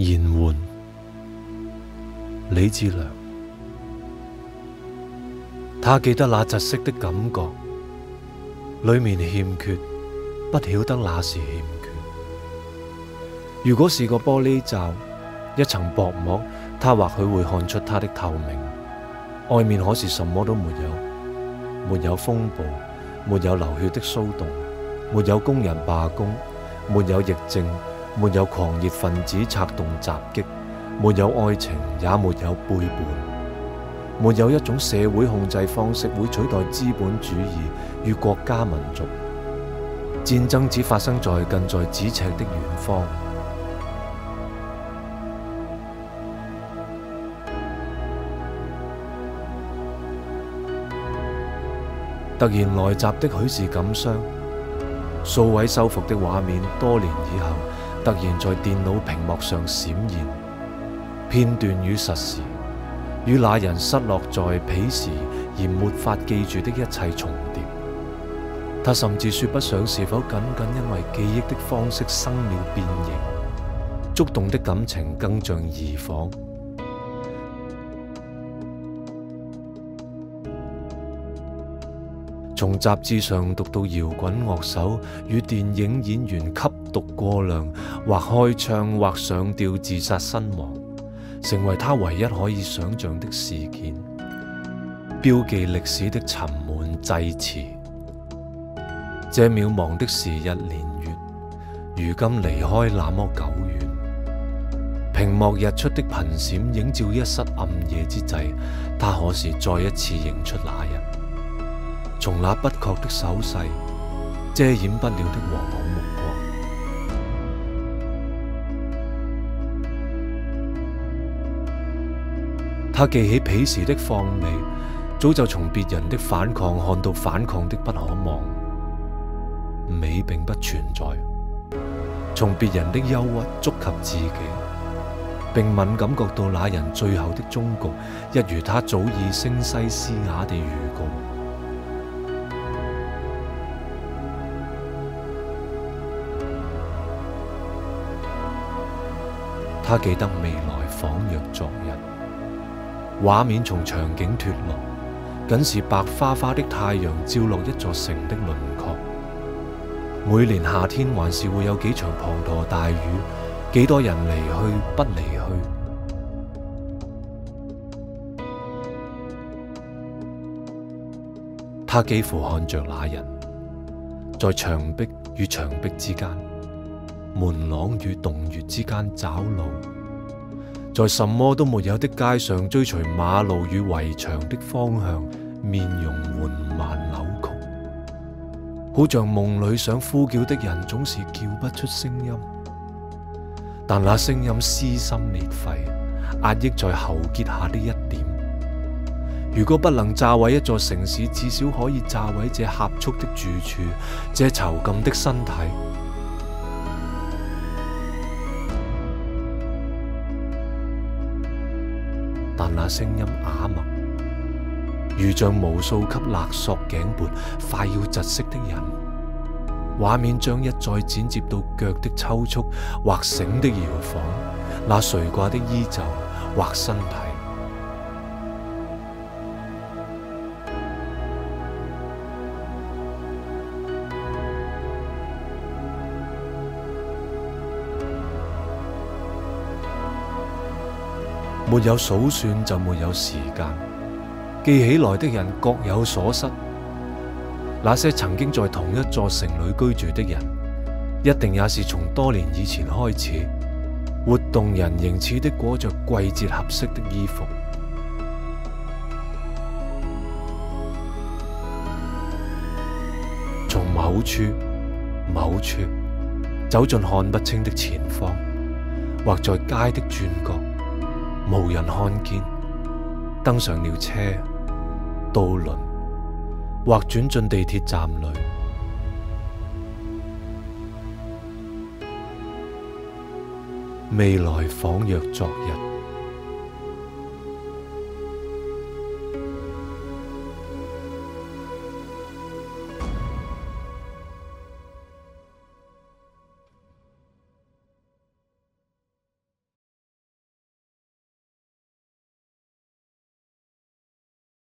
延緩，李智良，他記得那窒息的感覺，裏面欠缺，不曉得那是欠缺。如果是個玻璃罩，一層薄膜，他或許會看出它的透明。外面可是什麼都沒有，沒有風暴，沒有流血的騷動，沒有工人罷工，沒有疫症。沒有狂熱分子策動襲擊，沒有愛情，也沒有背叛，沒有一種社會控制方式會取代資本主義與國家民族。戰爭只發生在近在咫尺的遠方。突然來襲的許是感傷，數位修復的畫面，多年以後。突然在電腦屏幕上閃現片段與實時，與那人失落在彼時而沒法記住的一切重疊。他甚至說不上是否僅僅因為記憶的方式生了變形，觸動的感情更像疑惑。從雜誌上讀到搖滾樂手與電影演員吸毒過量，或開槍，或上吊自殺身亡，成為他唯一可以想象的事件，標記歷史的沉悶滯遲。這渺茫的時日年月，如今離開那麼久遠。屏幕日出的頻閃映照一室暗夜之際，他可是再一次認出那人。從那不確的手勢，遮掩不了的惶恐目光，他記起彼時的況味，早就從別人的反抗看到反抗的不可忘美並不存在，從別人的憂鬱觸及自己，並敏感覺到那人最後的忠告一如他早已聲嘶嘶啞地預告。他記得未來仿若昨日，畫面從場景脱落，僅是白花花的太陽照落一座城的輪廓。每年夏天還是會有幾場滂沱大雨，幾多人離去不離去。他幾乎看着那人，在牆壁與牆壁之間。門廊與洞穴之間找路，在什麼都沒有的街上追隨馬路與圍牆的方向，面容緩慢扭曲，好像夢裏想呼叫的人總是叫不出聲音，但那聲音撕心裂肺，壓抑在喉結下呢一點。如果不能炸毀一座城市，至少可以炸毀這狹促的住處，這囚禁的身體。但那聲音啞默，如像無數級勒索頸般、快要窒息的人。畫面將一再剪接到腳的抽搐、或繩的搖晃、那垂掛的衣袖、或身體。沒有數算就沒有時間。記起來的人各有所失。那些曾經在同一座城裏居住的人，一定也是從多年以前開始，活動人形似的裹著季節合適的衣服，從某處、某處走進看不清的前方，或在街的轉角。無人看見，登上了車，渡輪，或轉進地鐵站裏。未來仿若昨日。